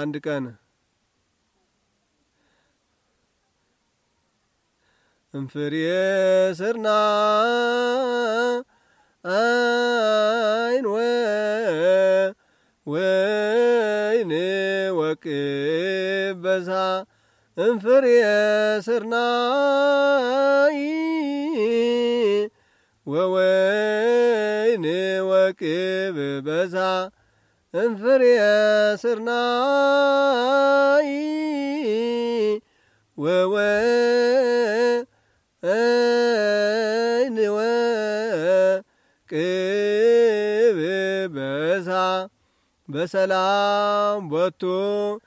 አንድ ቀን እምፍሬ ስርና አይን ወይን ወቅበዛ እምፍሬ ስርና ወወይን በዛ انفر يا سرناي ووين كيف بسعى بسلام وتو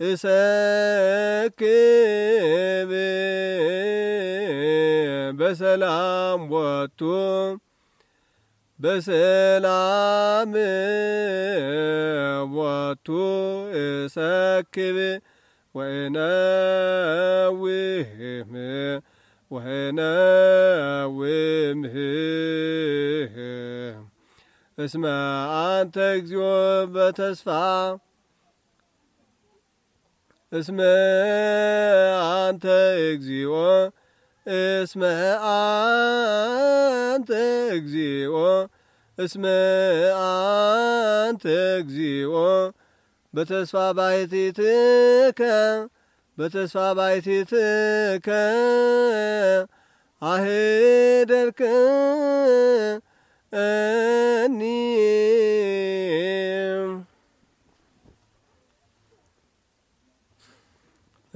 اسكب بسلام وتو بسلام واتو اسكب وإناوهم وإناوهم اسمع أنت اكزيو بتسفع اسمع أنت اكزيو بتسفع እስመ አንተ እግዚኦ እስመ አንተ እግዚኦ በተስፋ በተስፋ እኒ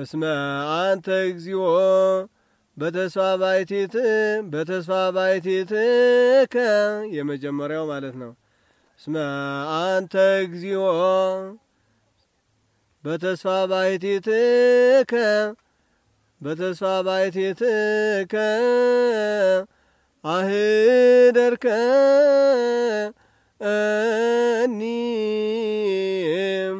እስመ አንተ እግዚኦ በተስፋ ባይቲት በተስፋ ባይቲት ከ የመጀመሪያው ማለት ነው። እስመ አንተ እግዚኦ በተስፋ ባይቲት ከ በተስፋ ባይቲት ከ አህደርከ እኒም